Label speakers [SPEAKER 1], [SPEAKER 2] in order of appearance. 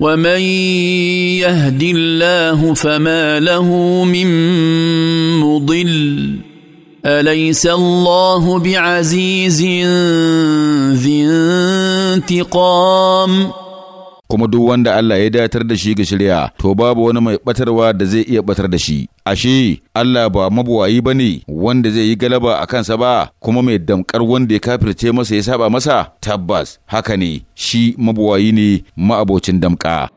[SPEAKER 1] ومن يهد الله فما له من مضل اليس الله بعزيز ذي انتقام kuma duk wanda
[SPEAKER 2] Allah ya datar da shi ga shirya to babu wani mai batarwa da zai iya batar da shi ashe Allah ba mabuwayi bane wanda zai yi galaba a kansa ba kuma mai damkar wanda ya kafirce masa ya saba masa tabbas haka ne shi mabuwayi ne ma'abocin damka